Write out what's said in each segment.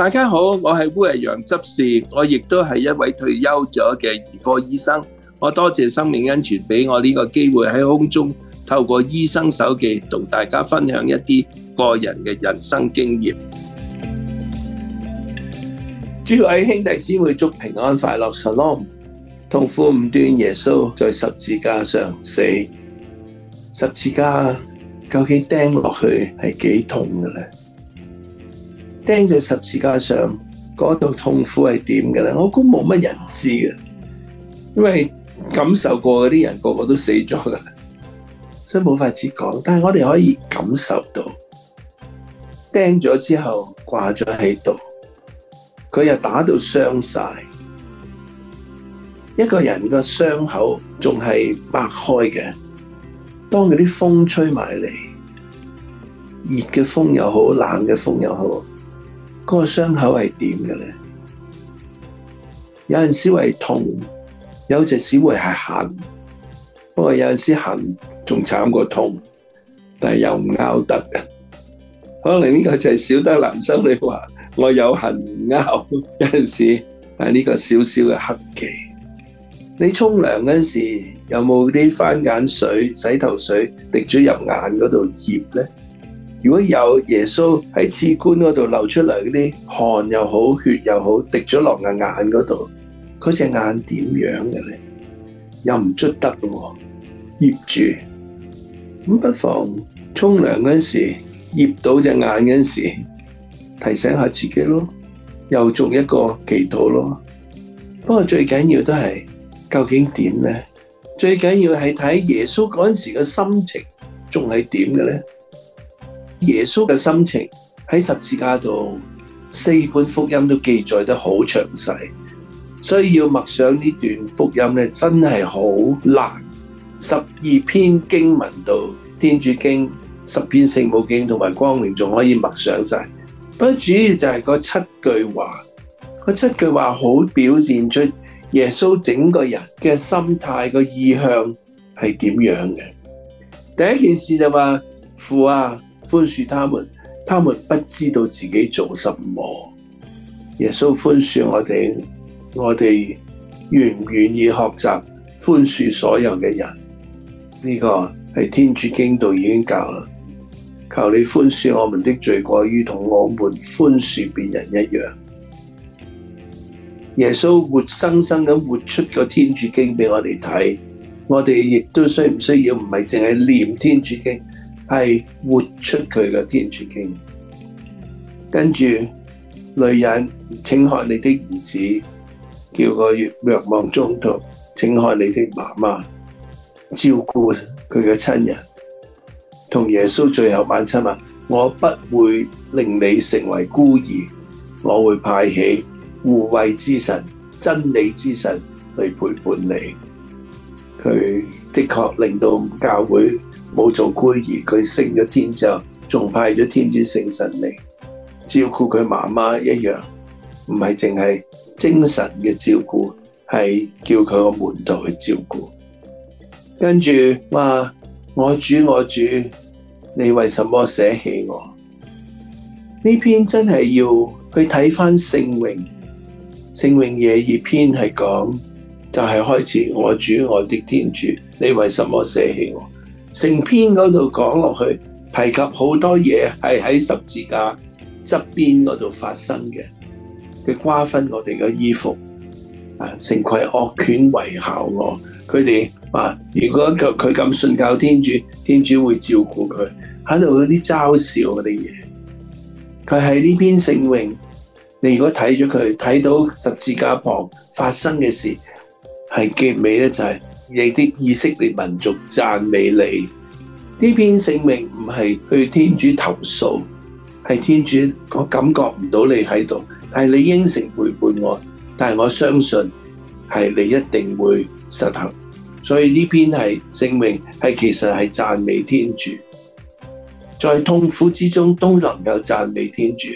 大家好，我係烏日陽執事，我亦都係一位退休咗嘅兒科醫生。我多謝生命恩泉俾我呢個機會喺空中透過醫生手記同大家分享一啲個人嘅人生經驗。諸位兄弟姊妹，祝平安快樂。Shalom，痛苦五端，耶穌在十字架上死，十字架究竟釘落去係幾痛嘅呢？釘在十字架上嗰種痛苦係點嘅呢？我估冇乜人知嘅，因為感受過嗰啲人個個都死咗噶啦，所以冇法子講。但係我哋可以感受到釘咗之後掛咗喺度，佢又打到傷晒，一個人個傷口仲係擘開嘅。當嗰啲風吹埋嚟，熱嘅風又好，冷嘅風又好。個傷口係點嘅呢？有陣時會痛，有陣時會係痕。不過有陣時痕仲慘過痛，但係又唔咬得。可能呢個就係小德蘭難受。你話我有痕唔咬，有陣時係呢個小小嘅黑痣。你沖涼嗰時候有冇啲番鹼水、洗頭水滴咗入眼嗰度熱呢？如果有耶穌喺刺冠嗰度流出嚟嗰啲汗又好，血又好，滴咗落眼裡、那眼嗰度，佢隻眼點樣嘅咧？又唔出得咯，醃住。咁不妨沖涼嗰時醃到隻眼嗰時候，提醒下自己咯，又做一個祈禱咯。不過最緊要都係究竟點呢？最緊要係睇耶穌嗰時嘅心情仲係點嘅呢？耶穌嘅心情喺十字架度，四本福音都記載得好詳細，所以要默想呢段福音咧，真係好難。十二篇經文度天主經、十篇聖母經同埋光明仲可以默想晒，不過主要就係嗰七句話。嗰七句話好表現出耶穌整個人嘅心態、個意向係點樣嘅。第一件事就話、是、父啊！寬恕他們，他們不知道自己做什麼。耶穌寬恕我哋，我哋願唔願意學習寬恕所有嘅人？呢、這個係天主經度已經教啦。求你寬恕我們的罪過，如同我們寬恕別人一樣。耶穌活生生咁活出個天主經俾我哋睇，我哋亦都需唔需要？唔係淨係念天主經。是活出佢的天主經，跟住女人，請看你的兒子，叫個若望宗徒，請看你的媽媽，照顧佢嘅親人。同耶穌最後晚餐話，我不會令你成為孤兒，我會派起護衛之神、真理之神去陪伴你。佢的確令到教會，冇做孤兒，佢升咗天之後，仲派咗天主聖神嚟照顧佢媽媽一樣，唔係淨係精神嘅照顧，係叫佢個門徒去照顧。跟住話我主我主，你為什麼捨棄我？呢篇真係要去睇返聖詠，聖詠廿二篇係講就係、是、開始，我主我的天主，你為什麼捨棄我？成篇嗰度講落去，提及好多嘢係喺十字架側邊嗰度發生嘅，佢瓜分我哋嘅衣服，啊，成群惡犬圍困我，佢哋啊，如果佢咁信教天主，天主會照顧佢，喺度嗰啲嘲笑嗰啲嘢，佢喺呢篇聖詠，你如果睇咗佢，睇到十字架旁發生嘅事，係結尾咧就係、是。你啲以色列民族讚美你，呢篇聖詠唔係去天主投訴，係天主，我感覺唔到你喺度，但係你應承陪伴我，但係我相信係你一定會實行，所以呢篇係聖詠係其實係讚美天主，在痛苦之中都能夠讚美天主。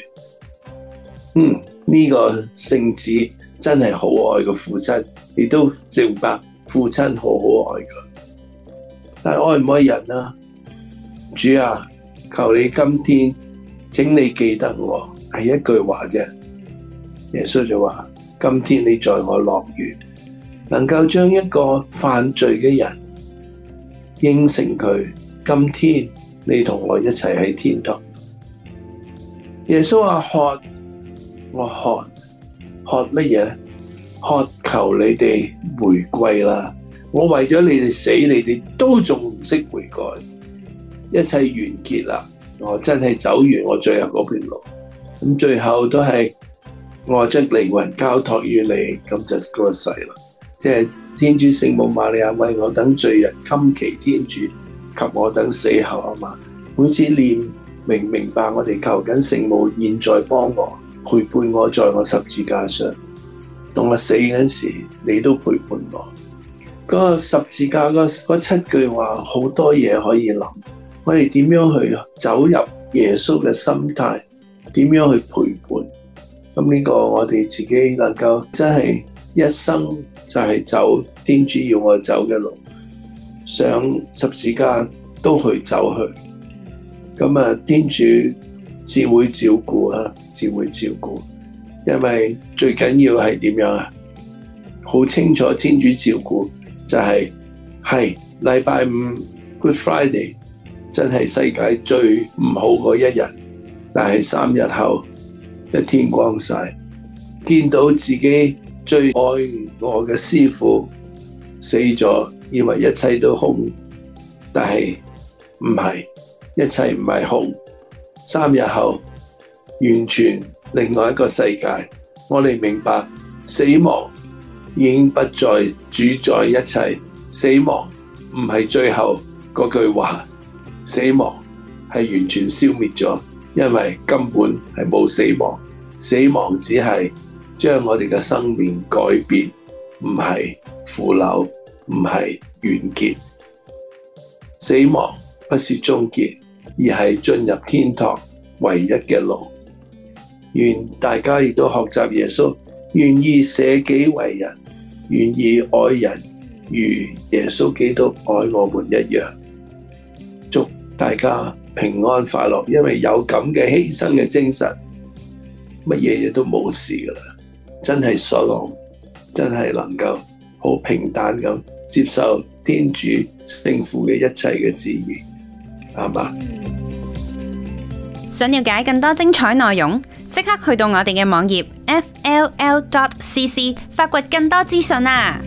嗯，呢、這個聖子真係好愛嘅父親，你都明白。父親好好愛佢，但愛唔愛人啊？主啊，求你今天，請你記得我係一句話啫。耶穌就話今天你在我樂園，能夠將一個犯罪嘅人應承佢，今天你同我一齊喺天堂。耶穌話渴，我渴，渴乜嘢渴求你哋回歸啦！我為咗你哋死，你哋都仲唔識悔改，一切完結啦！我真係走完我最後嗰段路，咁最後都係我將靈魂交託於你，咁就過世啦。即係天主聖母瑪利亞，為我等罪人今祈天主及我等死後啊嘛！每次念，明明白我哋求緊聖母，現在幫我陪伴我，在我十字架上。當我死嗰時候，你都陪伴我。嗰、那個、十字架，嗰七句話，好多嘢可以諗：我哋點樣去走入耶穌嘅心態？點樣去陪伴？咁呢個我哋自己能夠真係一生就係走天主要我走嘅路上十字架都去走去。咁啊，天主自會照顧啊，自會照顧。因為最緊要係點樣啊？好清楚天主照顧，就係係禮拜五 Good Friday 真係世界最唔好嗰一日，但係三日後一天光晒，見到自己最愛我嘅師傅死咗，以為一切都空，但係唔係，一切唔係空，三日後完全。另外一個世界，我哋明白死亡已經不再主宰一切。死亡唔係最後嗰句話，死亡係完全消滅咗，因為根本係冇死亡。死亡只係將我哋嘅生命改變，唔係腐朽，唔係完結。死亡不是終結，而係進入天堂唯一嘅路。願大家亦都學習耶穌，願意捨己為人，願意愛人，如耶穌基督愛我們一樣。祝大家平安快樂，因為有咁嘅犧牲嘅精神，乜嘢嘢都冇事噶啦。真係所羅，真係能夠好平淡咁接受天主聖父嘅一切嘅旨意，啱唔啱？想了解更多精彩內容。即刻去到我哋嘅網頁 fll.cc，發掘更多資訊啊！